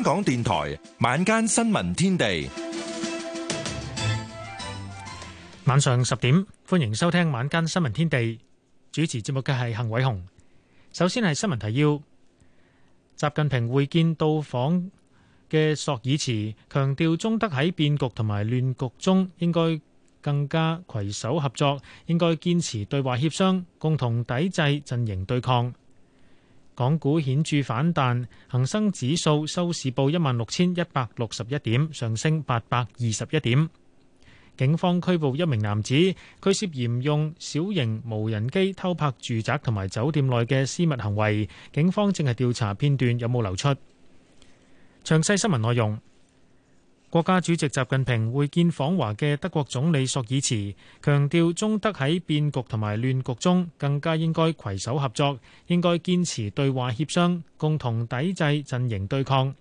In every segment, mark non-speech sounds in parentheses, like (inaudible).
香港電台晚間新聞天地，晚上十點歡迎收聽晚間新聞天地。主持節目嘅係幸偉雄。首先係新聞提要：習近平會見到訪嘅索爾茨，強調中德喺變局同埋亂局中應該更加攜手合作，應該堅持對話協商，共同抵制陣營對抗。港股顯著反彈，恒生指數收市報一萬六千一百六十一點，上升八百二十一點。警方拘捕一名男子，佢涉嫌用小型無人機偷拍住宅同埋酒店內嘅私密行為，警方正係調查片段有冇流出。詳細新聞內容。國家主席習近平會見訪華嘅德國總理朔爾茨，強調中德喺變局同埋亂局中更加應該攜手合作，應該堅持對話協商，共同抵制陣營對抗。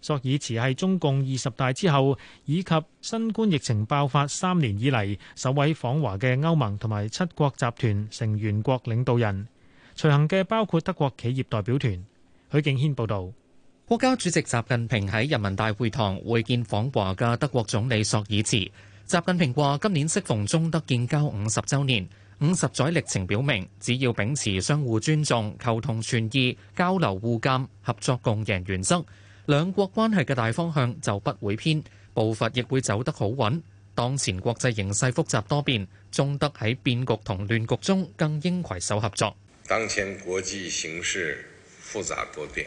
朔爾茨係中共二十大之後以及新冠疫情爆發三年以嚟首位訪華嘅歐盟同埋七國集團成員國領導人，隨行嘅包括德國企業代表團。許敬軒報導。國家主席習近平喺人民大會堂會見訪華嘅德國總理朔爾茨。習近平話：今年適逢中德建交五十周年，五十載歷程表明，只要秉持相互尊重、求同存異、交流、互鑒、合作共贏原則，兩國關係嘅大方向就不會偏，步伐亦會走得好穩。當前國際形勢複雜多變，中德喺變局同亂局中更應攜手合作。當前國際形勢複雜多變。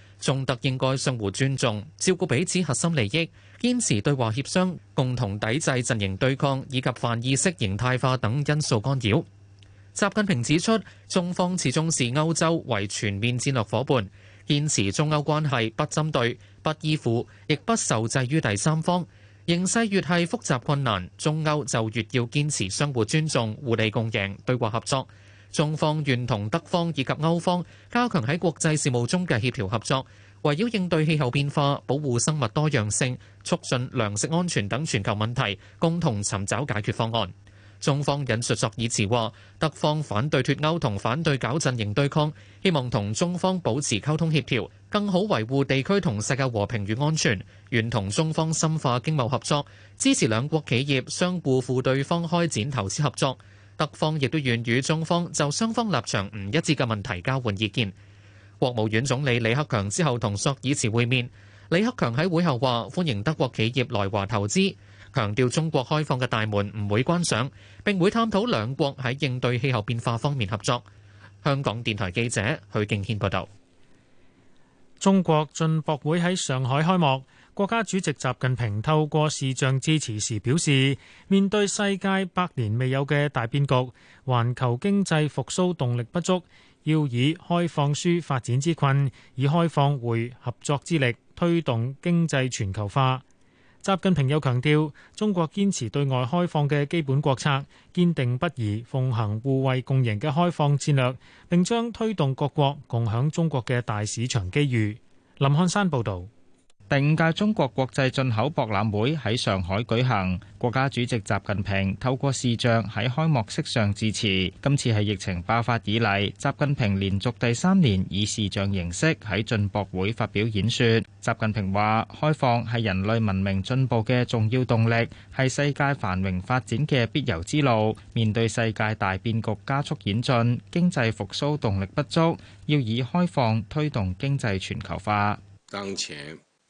中德應該相互尊重，照顧彼此核心利益，堅持對話協商，共同抵制陣營對抗以及泛意識形態化等因素干擾。習近平指出，中方始終視歐洲為全面戰略伙伴，堅持中歐關係不針對、不依附、亦不受制於第三方。形勢越係複雜困難，中歐就越要堅持相互尊重、互利共贏、對話合作。中方願同德方以及歐方加強喺國際事務中嘅協調合作，圍繞應對氣候變化、保護生物多樣性、促進糧食安全等全球問題共同尋找解決方案。中方引述索爾茨話德方反對脫歐同反對搞陣營對抗，希望同中方保持溝通協調更好維護地區同世界和平與安全。願同中方深化經貿合作，支持兩國企業相互赴對方開展投資合作。德方亦都願與中方就雙方立場唔一致嘅問題交換意見。國務院總理李克強之後同索爾茨會面。李克強喺會後話：歡迎德國企業來華投資，強調中國開放嘅大門唔會關上，並會探討兩國喺應對氣候變化方面合作。香港電台記者許敬軒報道。中國進博會喺上海開幕。國家主席習近平透過視像致辭時表示，面對世界百年未有嘅大變局，環球經濟復甦動力不足，要以開放紓發展之困，以開放匯合作之力，推動經濟全球化。習近平又強調，中國堅持對外開放嘅基本國策，堅定不移奉行互惠共贏嘅開放戰略，並將推動各國共享中國嘅大市場機遇。林漢山報導。第五屆中國國際進口博覽會喺上海舉行。國家主席習近平透過視像喺開幕式上致辭。今次係疫情爆發以嚟，習近平連續第三年以視像形式喺進博會發表演說。習近平話：開放係人類文明進步嘅重要動力，係世界繁榮發展嘅必由之路。面對世界大變局加速演進，經濟復甦動力不足，要以開放推動經濟全球化。當前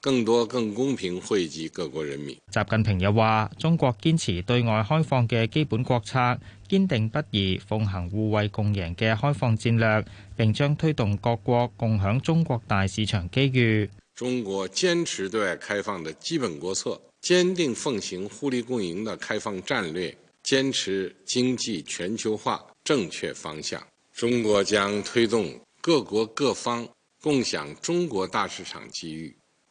更多、更公平惠及各國人民。習近平又話，中國堅持對外開放嘅基本國策，堅定不移奉行互惠共贏嘅開放戰略，並將推動各國共享中國大市場機遇。中國堅持對外開放的基本國策，堅定奉行互利共贏的開放戰略，堅持經濟全球化正確方向。中國將推動各國各方共享中國大市場機遇。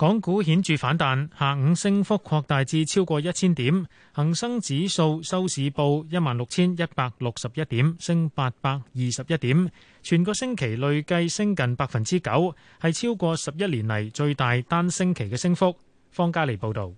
港股顯著反彈，下午升幅擴大至超過一千點，恒生指數收市報一萬六千一百六十一點，升八百二十一點，全個星期累計升近百分之九，係超過十一年嚟，最大單星期嘅升幅。方家利報道。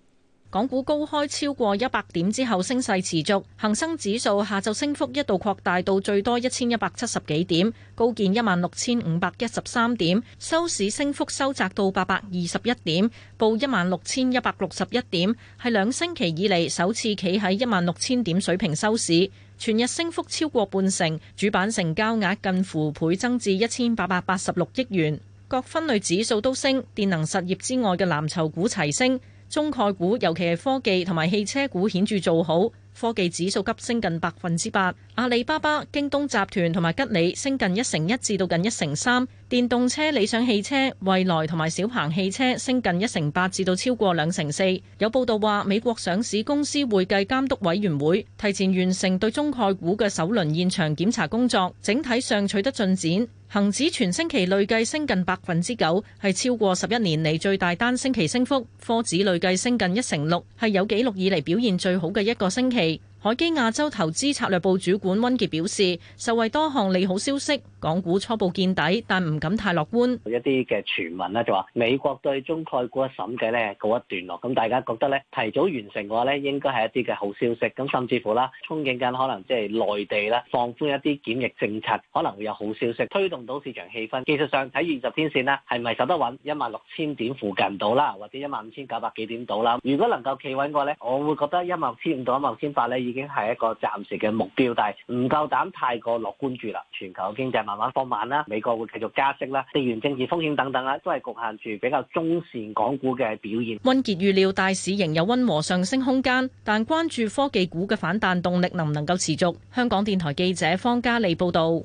港股高開超過一百點之後，升勢持續，恒生指數下晝升幅一度擴大到最多一千一百七十幾點，高見一萬六千五百一十三點，收市升幅收窄到八百二十一點，報一萬六千一百六十一點，係兩星期以嚟首次企喺一萬六千點水平收市，全日升幅超過半成，主板成交額近乎倍增至一千八百八十六億元，各分類指數都升，電能實業之外嘅藍籌股齊升。中概股，尤其係科技同埋汽車股，顯著做好。科技指數急升近百分之八，阿里巴巴、京東集團同埋吉利升近一成一至到近一成三，電動車理想汽車、蔚來同埋小鵬汽車升近一成八至到超過兩成四。有報道話，美國上市公司會計監督委員會提前完成對中概股嘅首輪現場檢查工作，整體上取得進展。恆指全星期累計升近百分之九，係超過十一年嚟最大單星期升幅。科指累計升近一成六，係有記錄以嚟表現最好嘅一個星期。海基亞洲投資策略部主管溫傑表示，受惠多項利好消息，港股初步見底，但唔敢太樂觀。一啲嘅傳聞呢，就話，美國對中概股嘅審計呢告一段落，咁大家覺得呢，提早完成嘅話呢，應該係一啲嘅好消息。咁甚至乎啦，憧憬緊可能即係內地啦，放寬一啲檢疫政策，可能會有好消息推動到市場氣氛。技術上睇二十天線啦，係咪守得穩一萬六千點附近到啦，或者一萬五千九百幾點到啦？如果能夠企穩過呢，我會覺得一萬六千五到一萬六千八呢，已經係一個暫時嘅目標，但係唔夠膽太過樂觀住啦。全球經濟慢慢放慢啦，美國會繼續加息啦，地緣政治風險等等啦，都係局限住比較中線港股嘅表現。溫傑預料大市仍有溫和上升空間，但關注科技股嘅反彈動力能唔能夠持續。香港電台記者方嘉利報道。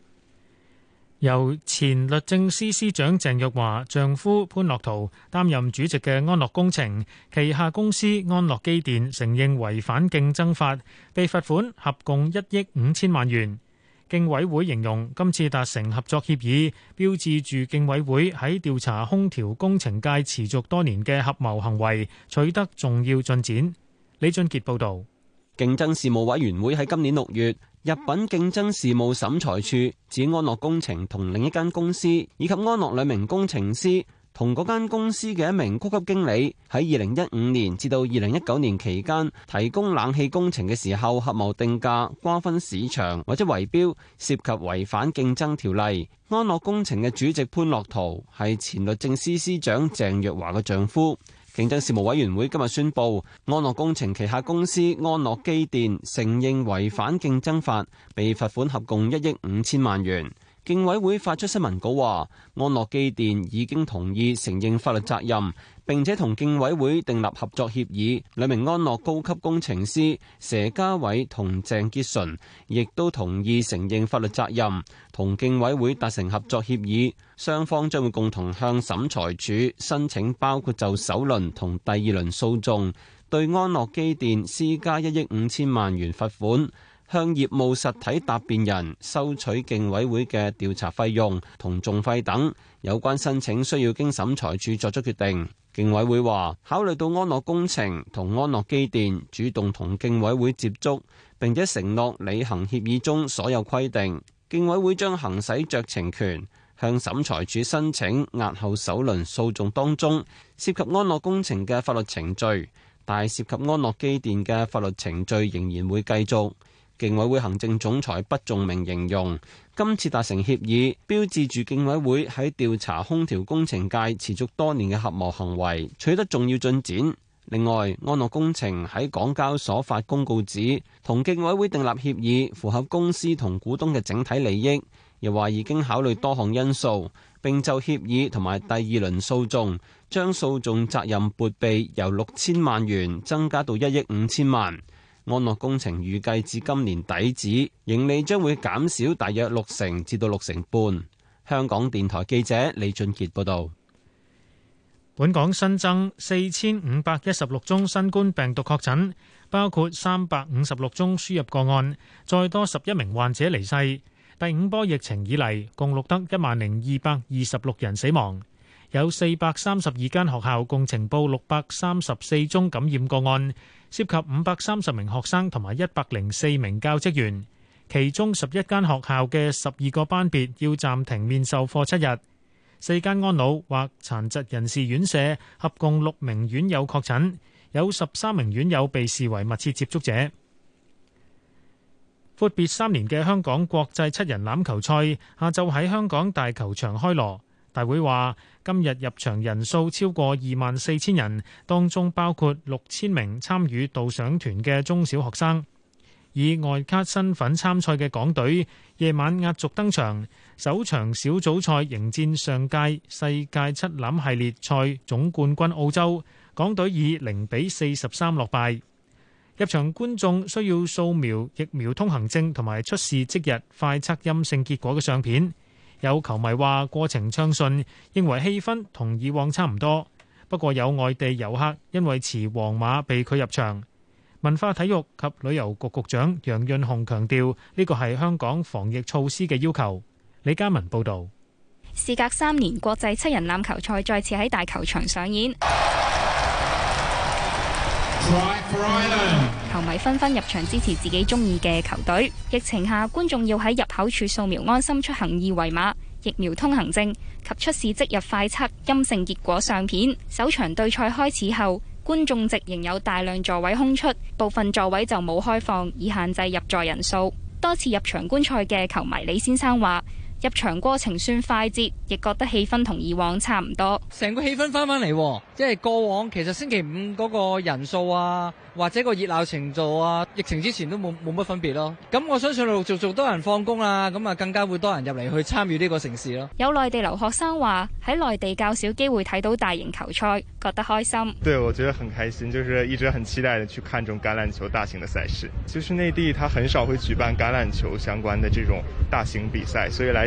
由前律政司司長鄭若驊丈夫潘樂陶擔任主席嘅安樂工程旗下公司安樂機電承認違反競爭法，被罰款合共一億五千萬元。競委會形容今次達成合作協議，標誌住競委會喺調查空調工程界持續多年嘅合謀行為取得重要進展。李俊傑報道。競爭事務委員會喺今年六月。入品競爭事務審裁處指安樂工程同另一間公司以及安樂兩名工程師同嗰間公司嘅一名高級經理喺二零一五年至到二零一九年期間提供冷氣工程嘅時候合謀定價、瓜分市場或者圍標，涉及違反競爭條例。安樂工程嘅主席潘樂圖係前律政司司司長鄭若驊嘅丈夫。競爭事務委員會今日宣布，安樂工程旗下公司安樂機電承認違反競爭法，被罰款合共一億五千萬元。競委會發出新聞稿話，安樂機電已經同意承認法律責任，並且同競委會訂立合作協議。兩名安樂高級工程師佘嘉偉同鄭傑純亦都同意承認法律責任，同競委會達成合作協議。雙方將會共同向審裁處申請，包括就首輪同第二輪訴訟，對安樂機電施加一億五千萬元罰款。向業務實體答辯人收取競委會嘅調查費用同訟費等有關申請，需要經審裁處作出決定。競委會話，考慮到安樂工程同安樂機電主動同競委會接觸，並且承諾履行協議中所有規定，競委會將行使酌情權向審裁處申請押後首輪訴訟當中涉及安樂工程嘅法律程序，但係涉及安樂機電嘅法律程序仍然會繼續。競委會行政總裁畢仲明形容，今次達成協議，標誌住競委會喺調查空調工程界持續多年嘅合謀行為取得重要進展。另外，安樂工程喺港交所發公告指，同競委會訂立協議符合公司同股東嘅整體利益，又話已經考慮多項因素，並就協議同埋第二輪訴訟，將訴訟責任撥備由六千萬元增加到一億五千萬。安樂工程預計至今年底止，盈利將會減少大約六成至到六成半。香港電台記者李俊杰報道。本港新增四千五百一十六宗新冠病毒確診，包括三百五十六宗輸入個案，再多十一名患者離世。第五波疫情以嚟，共錄得一萬零二百二十六人死亡，有四百三十二間學校共呈報六百三十四宗感染個案。涉及五百三十名學生同埋一百零四名教職員，其中十一間學校嘅十二個班別要暫停面授課七日。四間安老或殘疾人士院舍合共六名院友確診，有十三名院友被視為密切接觸者。闊別三年嘅香港國際七人欖球賽下晝喺香港大球場開鑼，大會話，今日入場人數超過二萬四千人，當中包括六千名參與導賞團嘅中小學生。以外卡身份參賽嘅港隊，夜晚壓軸登場，首場小組賽迎戰上屆世界七欖系列賽總冠軍澳洲。港隊以零比四十三落敗。入場觀眾需要掃描疫苗通行證同埋出示即日快測陰性結果嘅相片。有球迷話過程暢順，認為氣氛同以往差唔多。不過有外地遊客因為持黃碼被拒入場。文化體育及旅遊局局長楊潤雄強調，呢個係香港防疫措施嘅要求。李嘉文報道。事隔三年，國際七人欖球賽再次喺大球場上演。Right 球迷紛紛入場支持自己中意嘅球隊。疫情下，觀眾要喺入口處掃描安心出行二維碼、疫苗通行證及出示即日快測陰性結果相片。首場對賽開始後，觀眾席仍有大量座位空出，部分座位就冇開放，以限制入座人數。多次入場觀賽嘅球迷李先生話：。入場過程算快捷，亦覺得氣氛同以往差唔多。成個氣氛翻翻嚟，即係過往其實星期五嗰個人數啊，或者個熱鬧程度啊，疫情之前都冇冇乜分別咯。咁我相信陸續續多人放工啦，咁啊更加會多人入嚟去參與呢個城市咯。有內地留學生話喺內地較少機會睇到大型球賽，覺得開心。對，我覺得很開心，就是一直很期待的去看種橄欖球大型嘅賽事。就是內地他很少會舉辦橄欖球相關的這種大型比賽，所以來。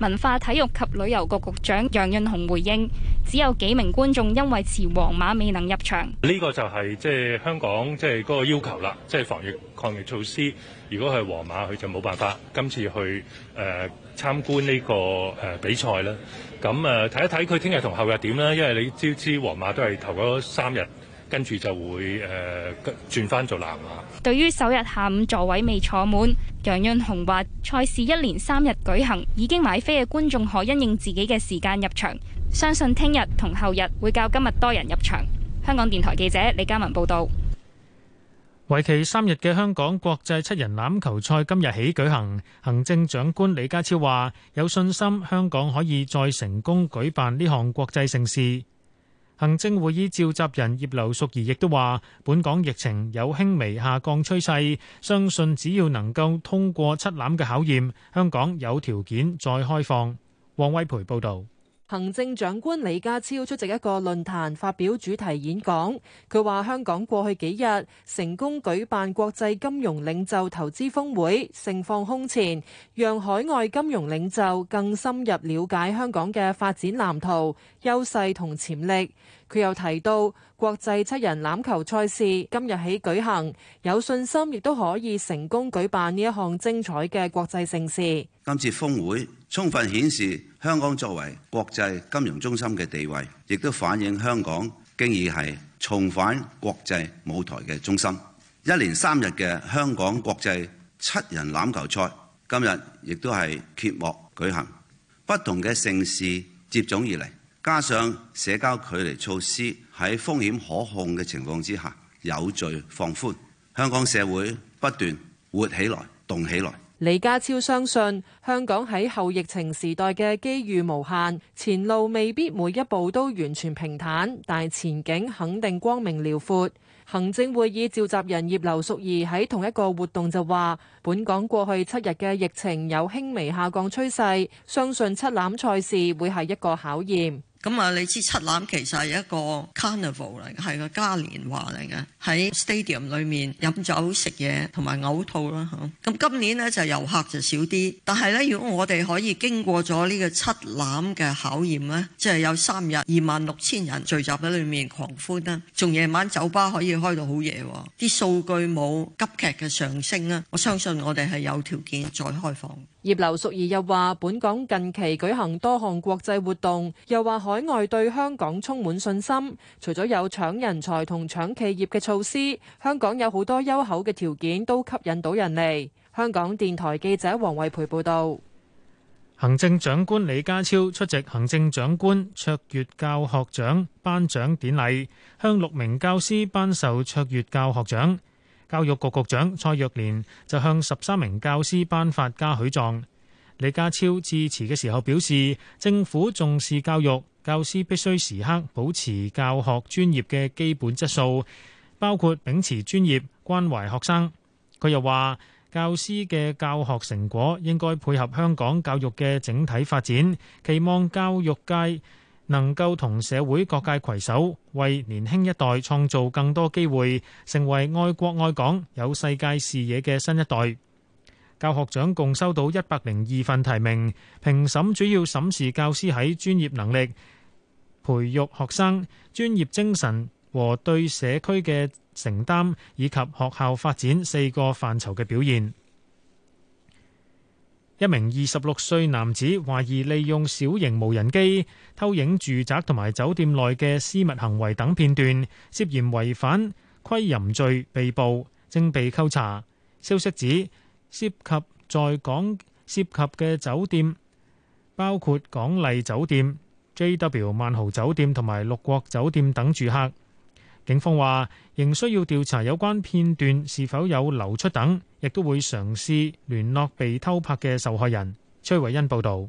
文化體育及旅遊局局長楊潤雄回應：只有幾名觀眾因為持黃碼未能入場。呢個就係即係香港即係嗰個要求啦，即、就、係、是、防疫抗疫措施。如果係黃碼，佢就冇辦法今次去誒參、呃、觀呢、這個誒、呃、比賽啦。咁誒睇一睇佢聽日同後日點啦，因為你知知黃碼都係頭嗰三日。跟住就會誒轉翻做男馬。對於首日下午座位未坐滿，楊潤雄話：賽事一連三日舉行，已經買飛嘅觀眾可因應自己嘅時間入場。相信聽日同後日會較今日多人入場。香港電台記者李嘉文報道。為期三日嘅香港國際七人欖球賽今日起舉行。行政長官李家超話：有信心香港可以再成功舉辦呢項國際盛事。行政會議召集人葉劉淑儀亦都話：本港疫情有輕微下降趨勢，相信只要能夠通過七攬嘅考驗，香港有條件再開放。黃威培報導。行政長官李家超出席一個論壇，發表主題演講。佢話：香港過去幾日成功舉辦國際金融領袖投資峰會，盛況空前，讓海外金融領袖更深入了解香港嘅發展藍圖、優勢同潛力。佢又提到，國際七人欖球賽事今日起舉行，有信心亦都可以成功舉辦呢一項精彩嘅國際盛事。今次峰會充分顯示香港作為國際金融中心嘅地位，亦都反映香港經已係重返國際舞台嘅中心。一連三日嘅香港國際七人欖球賽今日亦都係揭幕舉行，不同嘅盛事接踵而嚟。加上社交距離措施喺風險可控嘅情況之下，有序放寬，香港社會不斷活起來、動起來。李家超相信香港喺後疫情時代嘅機遇無限，前路未必每一步都完全平坦，但前景肯定光明遼闊。行政會議召集人葉劉淑儀喺同一個活動就話：本港過去七日嘅疫情有輕微下降趨勢，相信七欖賽事會係一個考驗。咁啊、嗯，你知七欖其實係一個 carnival 嚟嘅，係個嘉年華嚟嘅，喺 stadium 裏面飲酒食嘢同埋嘔吐啦咁、嗯嗯嗯、今年咧就是、遊客就少啲，但係咧如果我哋可以經過咗呢個七欖嘅考驗咧，即、就、係、是、有三日二萬六千人聚集喺裏面狂歡啦，仲夜晚酒吧可以開到好夜，啲、哦、數據冇急劇嘅上升啦，我相信我哋係有條件再開放。葉劉淑儀又話：本港近期舉行多項國際活動，又話海外對香港充滿信心。除咗有搶人才同搶企業嘅措施，香港有好多優厚嘅條件都吸引到人嚟。香港電台記者黃慧培報道。行政長官李家超出席行政長官卓越教學獎頒獎典禮，向六名教師頒授卓越教學獎。教育局局長蔡若蓮就向十三名教師頒發嘉許狀。李家超致辭嘅時候表示，政府重視教育，教師必須時刻保持教學專業嘅基本質素，包括秉持專業，關懷學生。佢又話，教師嘅教學成果應該配合香港教育嘅整體發展，期望教育界。能夠同社會各界攜手，為年輕一代創造更多機會，成為愛國愛港、有世界視野嘅新一代。教學獎共收到一百零二份提名，評審主要審視教師喺專業能力、培育學生、專業精神和對社區嘅承擔，以及學校發展四個範疇嘅表現。一名二十六歲男子懷疑利用小型無人機偷影住宅同埋酒店內嘅私密行為等片段，涉嫌違反窺淫罪，被捕，正被扣查。消息指涉及在港涉及嘅酒店包括港麗酒店、JW 萬豪酒店同埋六國酒店等住客。警方話，仍需要調查有關片段是否有流出等，亦都會嘗試聯絡被偷拍嘅受害人。崔偉恩報導。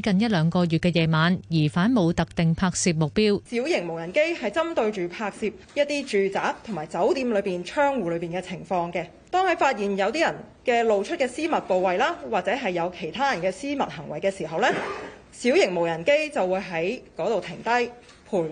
近一兩個月嘅夜晚，疑犯冇特定拍攝目標。小型無人機係針對住拍攝一啲住宅同埋酒店裏邊窗戶裏邊嘅情況嘅。當喺發現有啲人嘅露出嘅私密部位啦，或者係有其他人嘅私密行為嘅時候呢，小型無人機就會喺嗰度停低，徘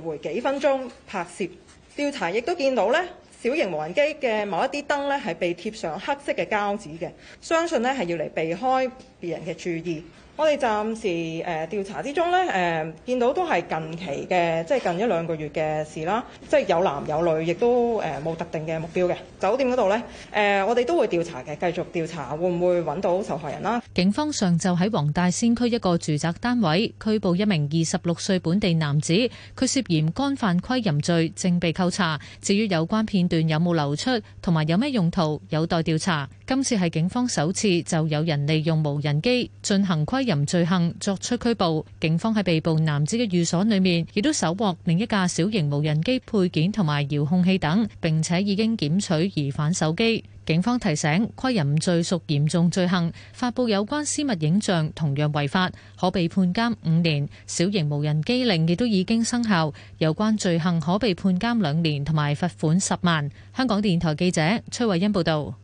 徊幾分鐘拍攝。調查亦都見到呢，小型無人機嘅某一啲燈呢，係被貼上黑色嘅膠紙嘅，相信呢係要嚟避開別人嘅注意。我哋暫時誒調、呃、查之中呢誒、呃、見到都係近期嘅，即係近一兩個月嘅事啦。即係有男有女，亦都誒冇、呃、特定嘅目標嘅酒店嗰度呢，誒、呃、我哋都會調查嘅，繼續調查會唔會揾到受害人啦、啊。警方上晝喺黃大仙區一個住宅單位拘捕一名二十六歲本地男子，佢涉嫌干犯規淫窺淫，淫罪，正被扣查。至於有關片段有冇流出同埋有咩用途，有待調查。今次係警方首次就有人利用無人機進行窺。淫罪行作出拘捕，警方喺被捕男子嘅寓所裏面，亦都搜獲另一架小型無人機配件同埋遙控器等，並且已經檢取疑犯手機。警方提醒，窺淫罪屬嚴重罪行，發布有關私密影像同樣違法，可被判監五年。小型無人機令亦都已經生效，有關罪行可被判監兩年同埋罰款十萬。香港電台記者崔慧欣報道。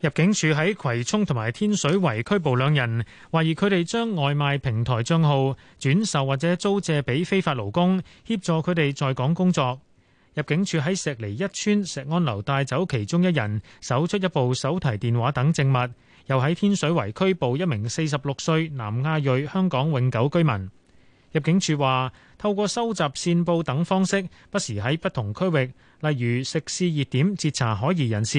入境處喺葵涌同埋天水圍拘捕兩人，懷疑佢哋將外賣平台帳號轉售或者租借俾非法勞工，協助佢哋在港工作。入境處喺石梨一村石安樓帶走其中一人，搜出一部手提電話等證物，又喺天水圍拘捕一名四十六歲南亞裔香港永久居民。入境處話，透過收集線報等方式，不時喺不同區域，例如食肆熱點，截查可疑人士、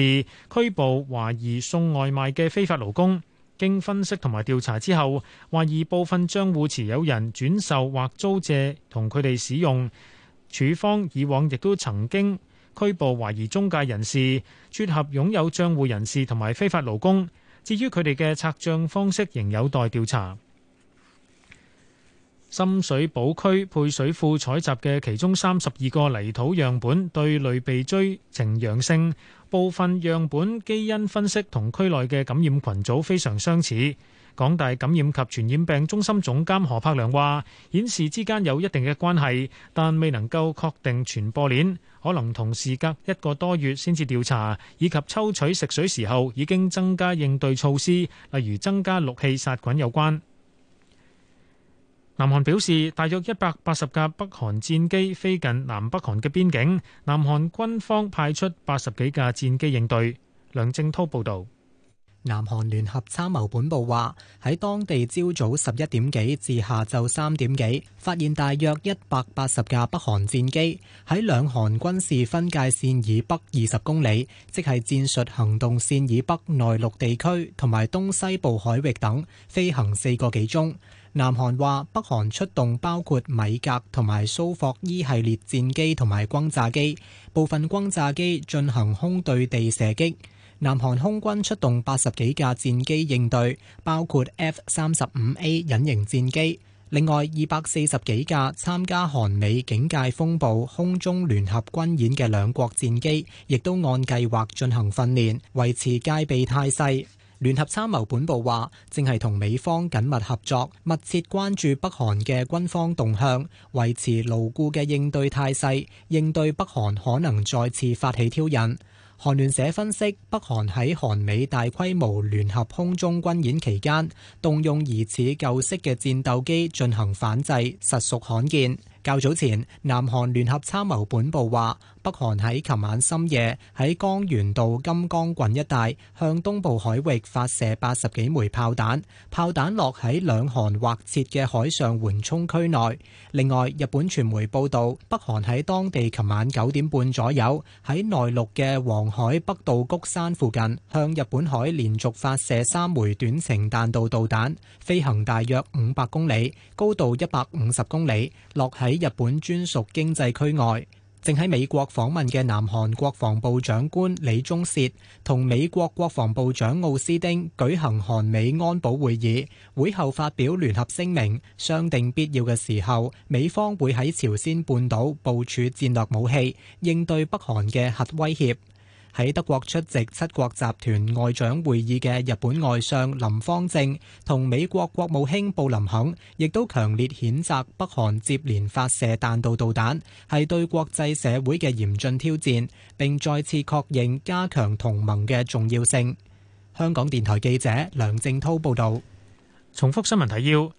拘捕懷疑送外賣嘅非法勞工。經分析同埋調查之後，懷疑部分帳戶持有人轉售或租借同佢哋使用。處方以往亦都曾經拘捕懷疑中介人士、撮合擁有帳戶人士同埋非法勞工。至於佢哋嘅拆帳方式，仍有待調查。深水埗區配水庫採集嘅其中三十二個泥土樣本對類鼻疽呈陽性，部分樣本基因分析同區內嘅感染群組非常相似。港大感染及傳染病中心總監何柏良話：顯示之間有一定嘅關係，但未能夠確定傳播鏈，可能同事隔一個多月先至調查，以及抽取食水時候已經增加應對措施，例如增加氯氣殺菌有關。南韓表示，大約一百八十架北韓戰機飛近南北韓嘅邊境，南韓軍方派出八十幾架戰機應對。梁正滔報導。南韓聯合參謀本部話，喺當地朝早十一點幾至下晝三點幾，發現大約一百八十架北韓戰機喺兩韓軍事分界線以北二十公里，即係戰術行動線以北內陸地區同埋東西部海域等飛行四個幾鐘。南韓話北韓出動包括米格同埋蘇霍伊、e、系列戰機同埋轟炸機，部分轟炸機進行空對地射擊。南韓空軍出動八十幾架戰機應對，包括 F 三十五 A 隱形戰機。另外二百四十幾架參加韓美警戒風暴空中聯合軍演嘅兩國戰機，亦都按計劃進行訓練，維持戒備態勢。聯合參謀本部話，正係同美方緊密合作，密切關注北韓嘅軍方動向，維持牢固嘅應對態勢，應對北韓可能再次發起挑釁。韓聯社分析，北韓喺韓美大規模聯合空中軍演期間，動用疑似舊式嘅戰鬥機進行反制，實屬罕見。較早前，南韓聯合參謀本部話。北韓喺琴晚深夜喺江原道金剛郡一帶向東部海域發射八十幾枚炮彈，炮彈落喺兩韓劃設嘅海上緩衝區內。另外，日本傳媒報道，北韓喺當地琴晚九點半左右喺內陸嘅黃海北道谷山附近向日本海連續發射三枚短程彈道導彈，飛行大約五百公里，高度一百五十公里，落喺日本專屬經濟區外。正喺美國訪問嘅南韓國防部長官李宗奭同美國國防部長奧斯丁舉行韓美安保會議，會後發表聯合聲明，商定必要嘅時候，美方會喺朝鮮半島部署戰略武器，應對北韓嘅核威脅。喺德國出席七國集團外長會議嘅日本外相林方正同美國國務卿布林肯，亦都強烈譴責北韓接連發射彈道導彈，係對國際社會嘅嚴峻挑戰，並再次確認加強同盟嘅重要性。香港電台記者梁正濤報道：「重複新聞提要。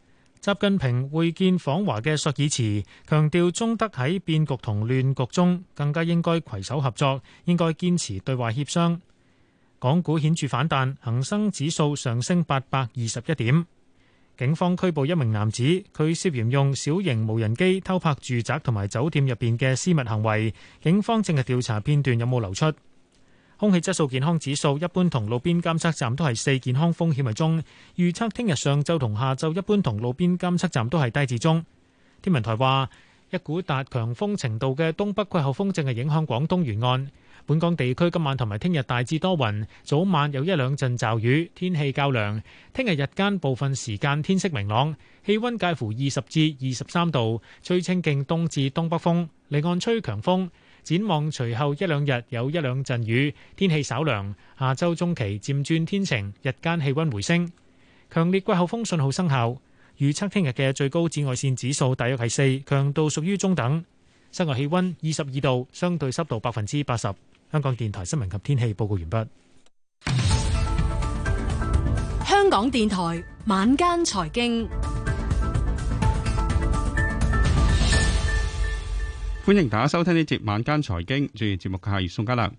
習近平會見訪華嘅索爾茨，強調中德喺變局同亂局中更加應該携手合作，應該堅持對話協商。港股顯著反彈，恒生指數上升八百二十一點。警方拘捕一名男子，佢涉嫌用小型無人機偷拍住宅同埋酒店入邊嘅私密行為，警方正係調查片段有冇流出。空氣質素健康指數一般同路邊監測站都係四，健康風險為中，預測聽日上晝同下晝一般同路邊監測站都係低至中。天文台話，一股達強風程度嘅東北季候風正係影響廣東沿岸，本港地區今晚同埋聽日大致多雲，早晚有一兩陣驟雨，天氣較涼。聽日日間部分時間天色明朗，氣温介乎二十至二十三度，吹清勁東至東北風，離岸吹強風。展望隨後一兩日有一兩陣雨，天氣稍涼。下周中期漸轉天晴，日間氣溫回升。強烈季候風信號生效，預測聽日嘅最高紫外線指數大約係四，強度屬於中等。室外氣溫二十二度，相對濕度百分之八十。香港電台新聞及天氣報告完畢。香港電台晚間財經。歡迎大家收聽呢節晚間財經，主持節目嘅係宋家良。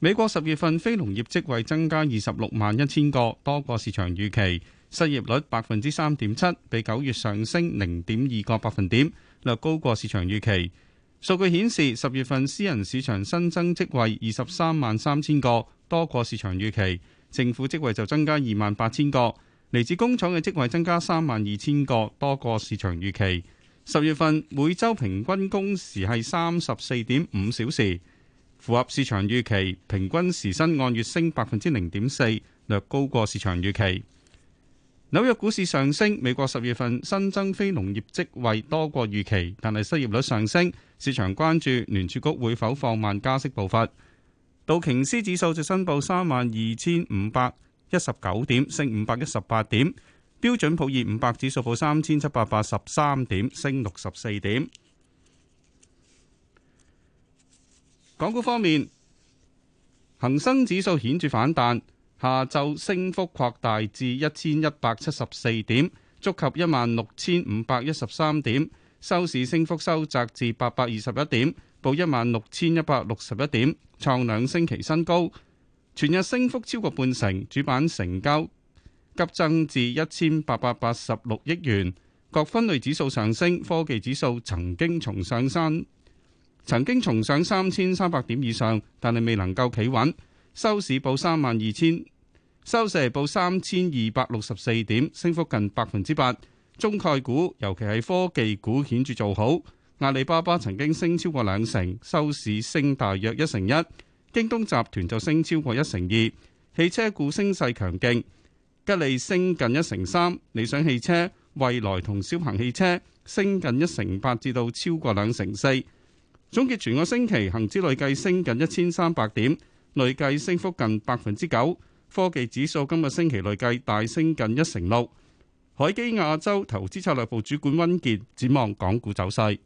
美國十月份非農業職位增加二十六萬一千個，多過市場預期。失業率百分之三點七，比九月上升零點二個百分點，略高過市場預期。數據顯示，十月份私人市場新增職位二十三萬三千個，多過市場預期。政府職位就增加二萬八千個，嚟自工廠嘅職位增加三萬二千個，多過市場預期。十月份每周平均工時係三十四點五小時，符合市場預期。平均時薪按月升百分之零點四，略高過市場預期。紐約股市上升，美國十月份新增非農業職位多過預期，但係失業率上升，市場關注聯儲局會否放慢加息步伐。道瓊斯指數就申報三萬二千五百一十九點，升五百一十八點。標準普爾五百指數報三千七百八十三點，升六十四點。港股方面，恒生指數顯著反彈，下晝升幅擴大至一千一百七十四點，觸及一萬六千五百一十三點，收市升幅收窄至八百二十一點，報一萬六千一百六十一點，創兩星期新高，全日升幅超過半成，主板成交。急增至一千八百八十六億元，各分類指數上升，科技指數曾經重上山，曾經重上三千三百點以上，但係未能夠企穩。收市報三萬二千，收市報三千二百六十四點，升幅近百分之八。中概股尤其係科技股顯著做好，阿里巴巴曾經升超過兩成，收市升大約一成一；京東集團就升超過一成二。汽車股升勢強勁。吉利升近一成三，理想汽車、蔚來同小鵬汽車升近一成八至到超過兩成四。總結全個星期，恒指累計升近一千三百點，累計升幅近百分之九。科技指數今個星期累計大升近一成六。海基亞洲投資策略部主管溫杰展望港股走勢。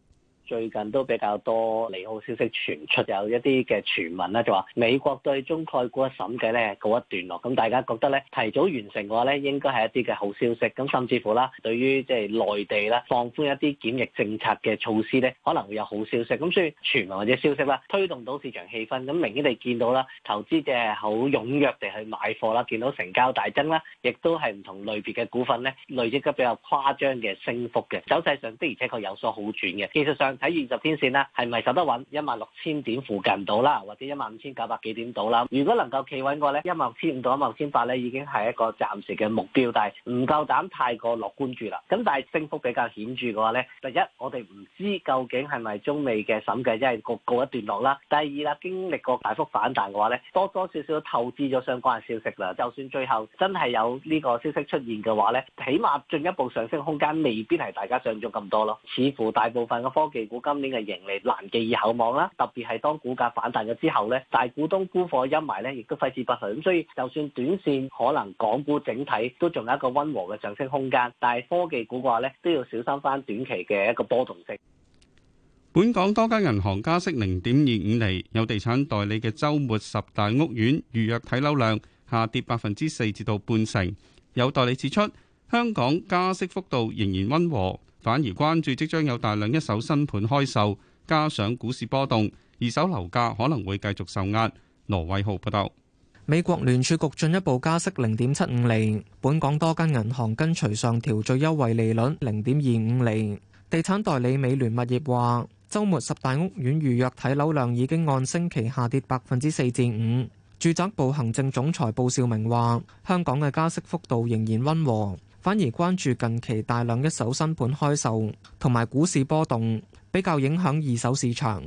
最近都比較多利好消息傳出，有一啲嘅傳聞啦。就話美國對中概股審計咧告一段落，咁大家覺得咧提早完成嘅話咧，應該係一啲嘅好消息，咁甚至乎啦，對於即係內地啦放寬一啲檢疫政策嘅措施咧，可能會有好消息，咁所以傳聞或者消息啦，推動到市場氣氛，咁明顯地見到啦，投資者好踴躍地去買貨啦，見到成交大增啦，亦都係唔同類別嘅股份咧，累積得比較誇張嘅升幅嘅。走勢上，的而且確有所好轉嘅，技術上。喺二十天線咧，係咪守得穩一萬六千點附近到啦，或者一萬五千九百幾點到啦？如果能夠企穩嘅話咧，一萬六千五到一萬六千八咧，已經係一個暫時嘅目標，但係唔夠膽太過樂觀住啦。咁但係升幅比較顯著嘅話咧，第一我哋唔知究竟係咪中美嘅審計真係告告一段落啦。第二啦，經歷過大幅反彈嘅話咧，多多少少都透支咗相關嘅消息啦。就算最後真係有呢個消息出現嘅話咧，起碼進一步上升空間未必係大家上咗咁多咯。似乎大部分嘅科技。股今年嘅盈利難寄以厚望啦，特別係當股價反彈咗之後咧，大股東沽貨陰霾咧，亦都揮之不去。咁所以，就算短線可能港股整體都仲有一個溫和嘅上升空間，但係科技股嘅話咧，都要小心翻短期嘅一個波動性。本港多間銀行加息零點二五釐，有地產代理嘅週末十大屋苑預約睇樓量下跌百分之四至到半成，有代理指出，香港加息幅度仍然溫和。反而關注，即將有大量一手新盤開售，加上股市波動，二手樓價可能會繼續受壓。羅偉浩報道，美國聯儲局進一步加息零點七五厘，本港多間銀行跟隨上調最優惠利率零點二五厘。地產代理美聯物業話，週末十大屋苑預約睇樓量已經按星期下跌百分之四至五。住宅部行政總裁布少明話，香港嘅加息幅度仍然溫和。反而關注近期大量一手新盤開售，同埋股市波動，比較影響二手市場。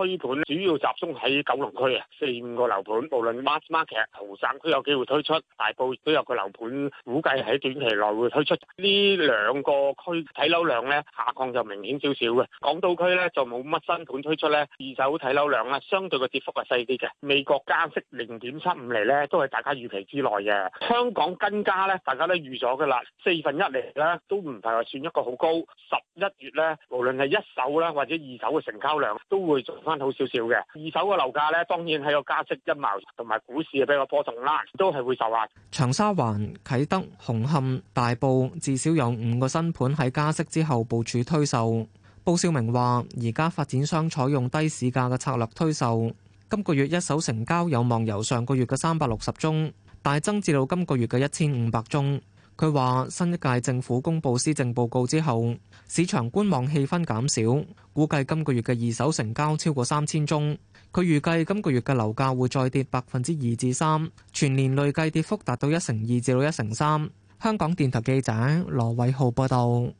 推盤主要集中喺九龍區啊，四五個樓盤，無論 master market、豪省區有機會推出，大埔都有個樓盤，估計喺短期內會推出。兩區呢兩個區睇樓量咧下降就明顯少少嘅。港島區咧就冇乜新盤推出咧，二手睇樓量咧相對個跌幅係細啲嘅。美國加息零點七五厘咧都係大家預期之內嘅。香港跟加咧大家都預咗㗎喇，四分一厘咧都唔係話算一個好高。十一月咧無論係一手啦，或者二手嘅成交量都會做返翻好少少嘅二手嘅樓價呢，當然喺個加息陰霾，同埋股市嘅比較波動啦，都係會受壓。長沙灣、啟德、紅磡、大埔至少有五個新盤喺加息之後部署推售。鮑少明話，而家發展商採用低市價嘅策略推售，今個月一手成交有望由上個月嘅三百六十宗大增至到今個月嘅一千五百宗。佢話：新一屆政府公布施政報告之後，市場觀望氣氛減少，估計今個月嘅二手成交超過三千宗。佢預計今個月嘅樓價會再跌百分之二至三，全年累計跌幅達到一成二至到一成三。香港電台記者羅偉浩報道。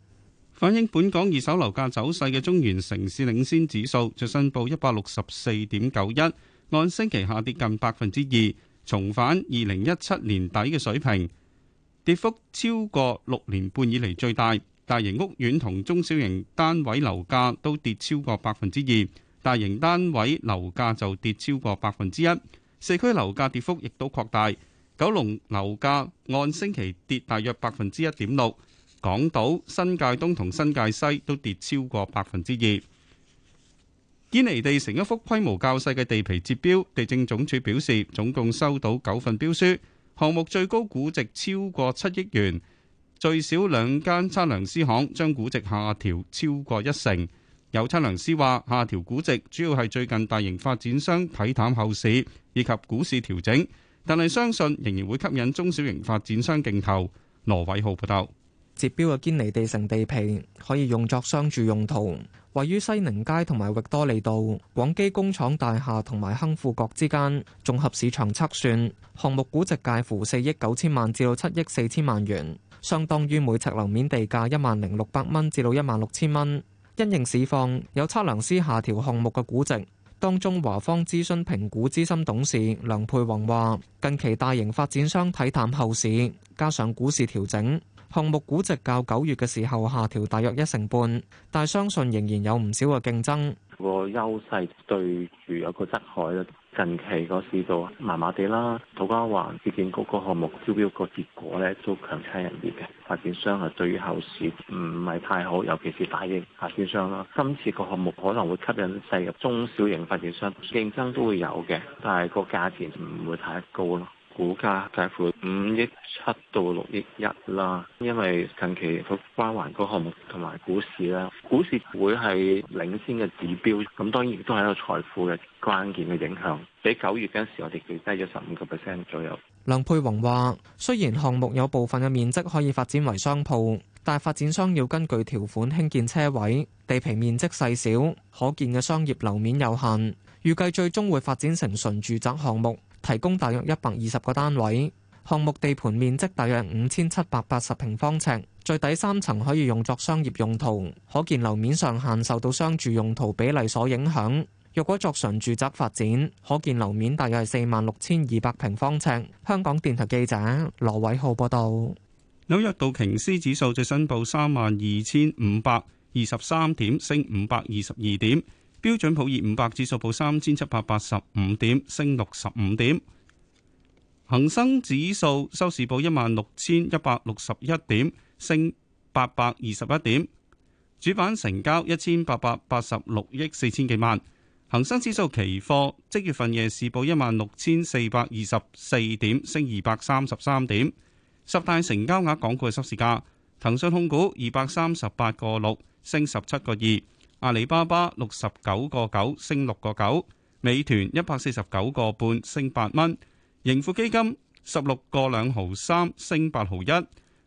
反映本港二手樓價走勢嘅中原城市領先指數，最新報一百六十四點九一，按星期下跌近百分之二，重返二零一七年底嘅水平。跌幅超過六年半以嚟最大，大型屋苑同中小型單位樓價都跌超過百分之二，大型單位樓價就跌超過百分之一。四區樓價跌幅亦都擴大，九龍樓價按星期跌大約百分之一點六，港島、新界東同新界西都跌超過百分之二。堅尼地城一幅規模較細嘅地皮截標，地政總署表示總共收到九份標書。項目最高估值超過七億元，最少兩間測量師行將估值下調超過一成。有測量師話，下調估值主要係最近大型發展商睇淡後市以及股市調整，但係相信仍然會吸引中小型發展商競投。羅偉浩報道。截標嘅堅尼地城地皮可以用作商住用途，位於西寧街同埋域多利道廣基工廠大廈同埋亨富閣之間。綜合市場測算，項目估值介乎四億九千萬至到七億四千萬元，相當於每尺樓面地價一萬零六百蚊至到一萬六千蚊。因應市況，有測量師下調項目嘅估值。當中，華方諮詢評估資深董事梁佩宏話，近期大型發展商睇淡後市，加上股市調整。項目估值較九月嘅時候下調大約一成半，但係相信仍然有唔少嘅競爭。個優勢對住有個質海啊，近期個市道麻麻地啦。土瓜灣置建嗰個項目招標個結果咧都強差人意嘅，發展商係對於後市唔係太好，尤其是大型發展商啦。今次個項目可能會吸引進入中小型發展商，競爭都會有嘅，但係個價錢唔會太高咯。股價介乎五億七到六億一啦，因為近期佢關環個項目同埋股市啦，股市會係領先嘅指標，咁當然亦都係一個財富嘅關鍵嘅影響，比九月嗰陣時，我哋跌低咗十五個 percent 左右。梁佩宏話，雖然項目有部分嘅面積可以發展為商鋪，但係發展商要根據條款興建車位，地皮面積細小，可見嘅商業樓面有限，預計最終會發展成純住宅項目。提供大約一百二十個單位，項目地盤面積大約五千七百八十平方尺，最底三層可以用作商業用途，可建樓面上限受到商住用途比例所影響，若果作純住宅發展，可建樓面大約係四萬六千二百平方尺。香港電台記者羅偉浩報道。紐約道瓊斯指數最新報三萬二千五百二十三點，升五百二十二點。標準普爾五百指數報三千七百八十五點，升六十五點。恒生指數收市報一萬六千一百六十一點，升八百二十一點。主板成交一千八百八十六億四千幾萬。恒生指數期貨即月份夜市報一萬六千四百二十四點，升二百三十三點。十大成交額港股嘅收市價，騰訊控股二百三十八個六，升十七個二。阿里巴巴六十九個九升六個九，美團一百四十九個半升八蚊，盈富基金十六個兩毫三升八毫一，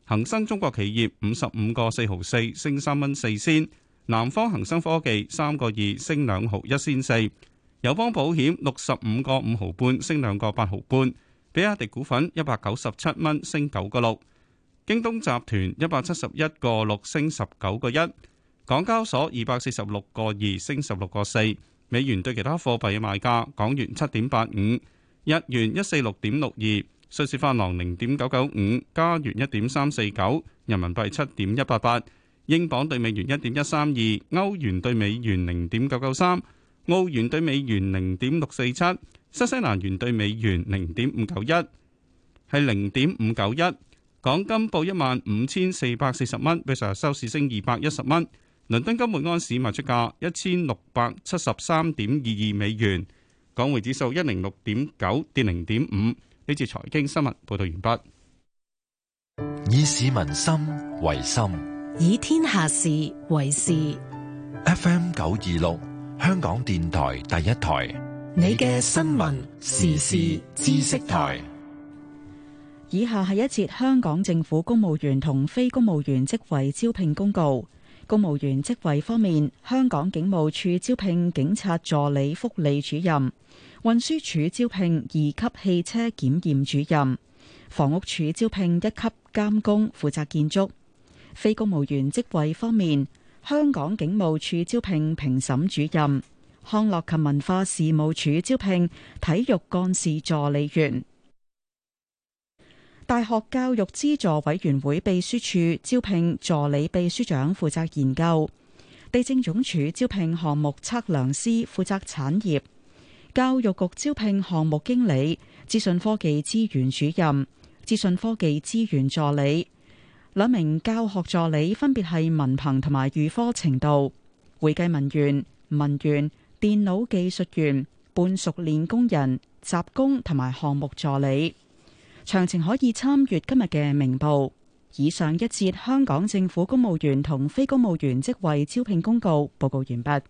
恒生中國企業五十五個四毫四升三蚊四仙，南方恆生科技三個二升兩毫一仙四，友邦保險六十五個五毫半升兩個八毫半，比亞迪股份一百九十七蚊升九個六，京東集團一百七十一個六升十九個一。港交所二百四十六個二升十六個四，美元對其他貨幣嘅賣價：港元七點八五，日元一四六點六二，瑞士法郎零點九九五，加元一點三四九，人民幣七點一八八，英鎊對美元一點一三二，歐元對美元零點九九三，澳元對美元零點六四七，新西蘭元對美元零點五九一，係零點五九一。港金報一萬五千四百四十蚊，比上日收市升二百一十蚊。倫敦金每安市賣出價一千六百七十三點二二美元，港匯指數一零六點九跌零點五。呢次財經新聞報道完畢。以市民心為心，以天下事為事。F.M. 九二六，香港電台第一台，你嘅新聞時事知識台。以下係一節香港政府公務員同非公務員職位招聘公告。公務員職位方面，香港警務處招聘警察助理福利主任，運輸署招聘二級汽車檢驗主任，房屋署招聘一級監工負責建築。非公務員職位方面，香港警務處招聘評審主任，康樂及文化事務署招聘體育幹事助理員。大學教育資助委員會秘書處招聘助理秘書長，負責研究；地政總署招聘項目測量師，負責產業；教育局招聘項目經理、資訊科技資源主任、資訊科技資源助理。兩名教學助理，分別係文憑同埋預科程度。會計文員、文員、電腦技術員、半熟練工人、雜工同埋項目助理。詳情可以參閱今日嘅《明報》。以上一節，香港政府公務員同非公務員職位招聘公告。報告完畢。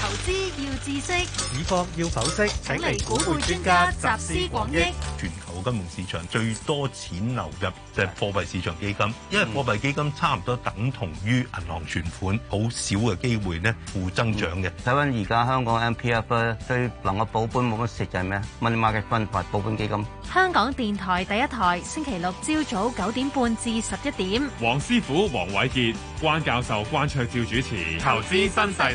投資要知識，止博要守息，請嚟股票專家集思廣益。全球金融市場最多錢流入就係貨幣市場基金，的因為貨幣基金差唔多等同於銀行存款，好少嘅機會呢負增長嘅。睇翻而家香港 M P F 最能夠保本冇乜蝕就係咩？Money Market Fund 或保本基金。香港電台第一台星期六朝早九點半至十一點，黃師傅黃偉杰、關教授關卓照主持《投資新世代》。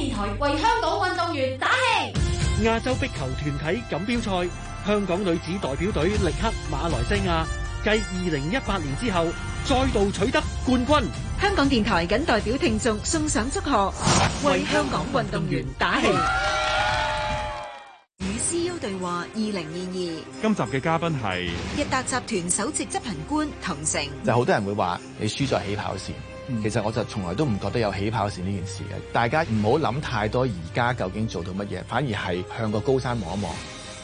電台為香港運動員打氣。亞洲壁球團體錦標賽，香港女子代表隊力克馬來西亞，繼二零一八年之後再度取得冠軍。香港電台僅代表聽眾送上祝賀，為香港運動員打氣。與 CEO 對話二零二二，今集嘅嘉賓係日達集團首席執行官滕成。就好多人會話你輸在起跑線。嗯、其實我就從來都唔覺得有起跑線呢件事嘅，大家唔好諗太多，而家究竟做到乜嘢，反而係向個高山望一望，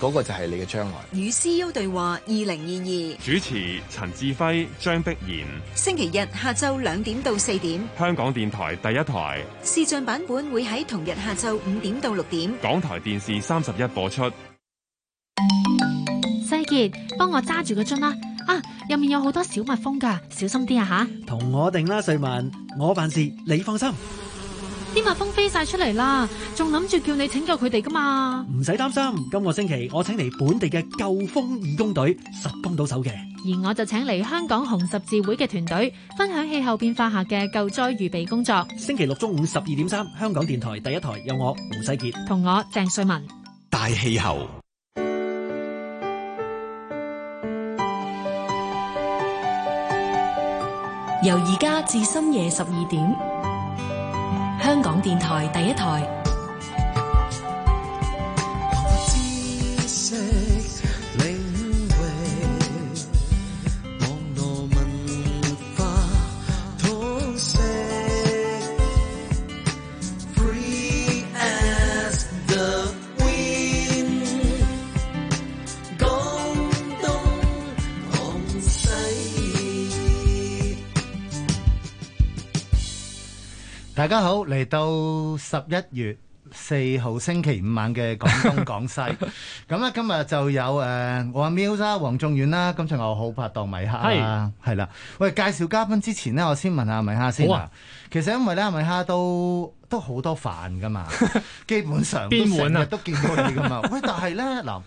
嗰、嗰個就係你嘅將來。與 CEO 對話二零二二，主持陳志輝、張璧賢，星期日下晝兩點到四點，香港電台第一台視像版本會喺同日下晝五點到六點，港台電視三十一播出。世傑，幫我揸住個樽啦。啊！入面有好多小蜜蜂噶，小心啲啊吓！同我定啦，瑞文，我辦事，你放心。啲蜜蜂飛晒出嚟啦。仲諗住叫你拯救佢哋噶嘛？唔使擔心，今個星期我請嚟本地嘅救蜂義工隊，實幫到手嘅。而我就請嚟香港紅十字會嘅團隊，分享氣候變化下嘅救災預備工作。星期六中午十二點三，香港電台第一台有我胡世杰同我鄭瑞文，大氣候。由而家至深夜十二點，香港電台第一台。大家好，嚟到十一月四號星期五晚嘅廣東廣西，咁咧 (laughs) 今日就有誒王苗啦、呃、z, 黃仲遠啦，今就我好拍檔米哈，係係啦。喂，介紹嘉賓之前咧，我先問下米哈先。好啊，其實因為咧，米哈都都好多飯噶嘛， (laughs) 基本上邊碗啊都見到你噶嘛。喂，但係咧嗱。